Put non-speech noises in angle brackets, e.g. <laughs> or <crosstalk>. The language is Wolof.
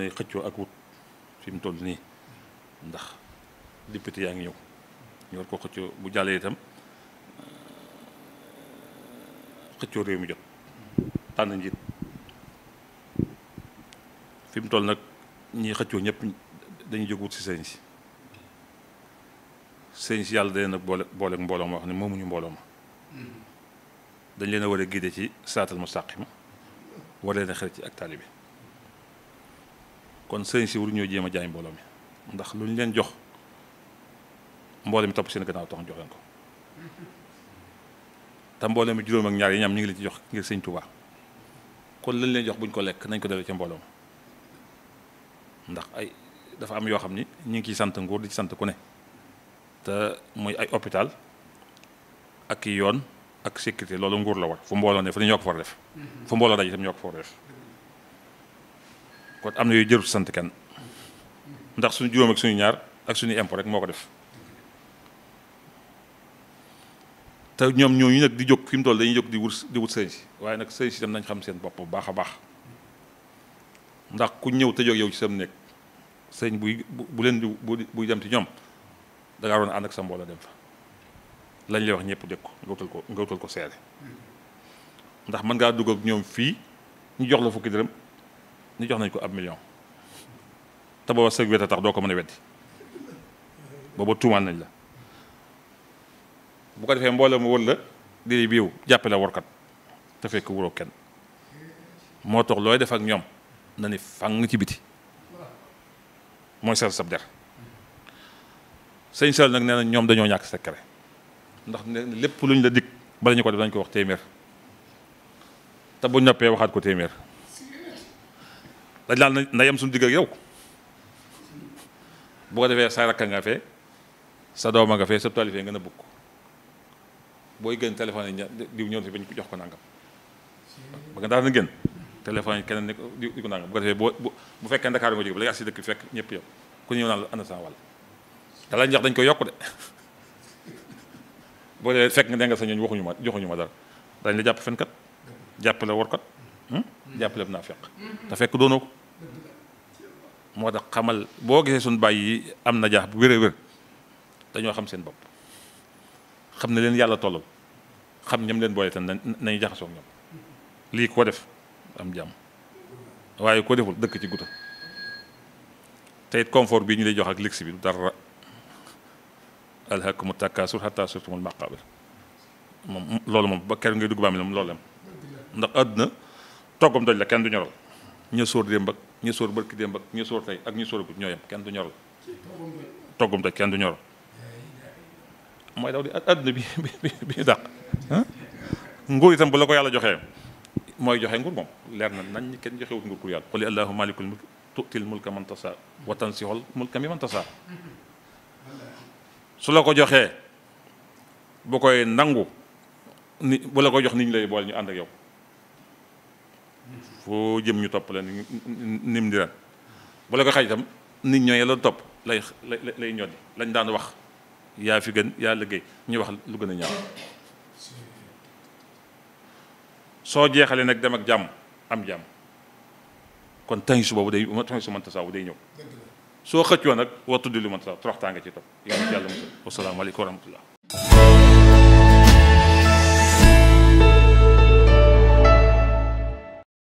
lay xëccoo ak wut fi mu toll nii ndax député yaa ngi ñëw ñu war ko xëccoo bu jàllee itam euh, xëccoo réew mi jot tànn njiit fi mu toll nag ñi xëccoo ñëpp dañu jóg wut si sëñ si sëñ si yàlla da leen a boole mbooloo ma wax ne moomuñu mbooloo ma mm-hmm. dañ leen a war a gide ci saatal ma war leen a xarit ci ak taalibe kon sëriñ si waruñoo jéem a jaay mbooloo mi ndax lu ñu leen jox mbooloo mi topp seen gannaaw tax jox ko te mbooloo mi juróom ak ñaar yi ñam ñi ngi leen ci jox ngir sëñ Tuubaa kon lañ leen jox buñ ko lekk nañ ko delloo ca mbooloo ndax ay dafa am yoo xam ni ñu ngi ciy sant nguur di ci sant ku ne te muy ay hôpital ak yoon ak sécurité loolu nguur la war fu mbooloo ne fu ne ñoo ko war def fu mbooloo daj itam ñoo ko war def kon am na yooyu jërut sant kenn ndax suñu juróom ak suñu ñaar ak suñu impôt rek moo ko def te ñoom ñooñu nag di jóg fi mu toll dañuy jóg di wut di wut sëñ si waaye nag sëñ si tam nañ xam seen bopp bu baax a baax ndax ku ñëw te jóg yow ci sam néeg sëñ buy bu leen di buy dem ci ñoom da ngaa doon ànd ak sa mbooloo dem fa lañ lay wax ñëpp dégg ko nga ko nga wutal ko seere ndax mën ngaa dugg ak ñoom fii ñu jox la fukki dërëm ñu jox nañ ko ab million te booba sëg wet a tax doo ko mën a weddi booba tuumaan nañ la bu ko defee mboole mu wër la diri biiw jàppe la warkat te fekk wuroo kenn moo tax looy def ak ñoom na ni fàng ci biti mooy sel sab der sëñ sel nag nee na ñoom dañoo ñàkk secret ndax lépp luñ la dikk bala ñu ko def dañ ko wax téeméer te bu noppee waxaat ko téeméer dañ laal na yem suñu digg ak yow bu defee sa rakka nga fee sa dooma nga fee sa talifee nga ne bukk booy gën téléphone yi diw ñëw fi bañ ko jox ko nangam ba nga daal na yi keneen ne ko di ko nangam bu bu fekkee Ndakaaru nga jóge ba la fekk ñëpp yow ku ñëw naan la ana sa wàll te lañ jox dañ koy yokku de <laughs> boo defee fekk nga sa ñooñ waxuñu ma ma dara dañ la jàpp fenkat jàppale warkat hmm? jàppale bu naa fekk te fekk moo tax xamal boo gisee suñu bàyyi yi am na jaax bu wér a wér dañoo xam seen bopp xam ne leen yàlla tollal xam ñam leen boole tan nañu jaxasoo ñoom lii koo def am jàmm waaye koo deful dëkk ci guta teyit confort bii ñu lay jox ak ligsi bi du dara alhaakumu takaasur hattaa zurtumul maqaabir moom loolu moom ba keroog ngay dugg bàmmeel moom loolu am ndax àdduna toggam doj la kenn du ñoral ña sóor démb ñu sóor barki démb ak ñu sóor tey ak ñu sóor bu ñoo kenn du ñoral toggum tey kenn du ñoral mooy daw di àdduna bi bi bi dàq nguur itam bu la ko yàlla joxee mooy joxe nguur moom leer na nañ kenn joxewut nguur ku yàlla qul allahu malikul mulk tu'til mulka man tasa wa tansihul mulka mi man su la ko joxee bu koy nangu ni bu la ko jox niñ lay bool ñu ànd ak yow foo jëm ñu topp leen nim di ren bu la ko xaj itam nit ñoo la topp lay lay lay ñoddi lañ daan wax yaa fi gën yaa liggéey ñu wax lu gën a ñaaw soo jeexalee nag dem ak jàmm am jàmm kon tàngi su boobu day tàngi su mënta saabu day ñëw soo xëccoo nag war tuddi lu mënta saabu toroxtaa nga ci topp yàlla ci yàlla mos a wasalaamaaleykum wa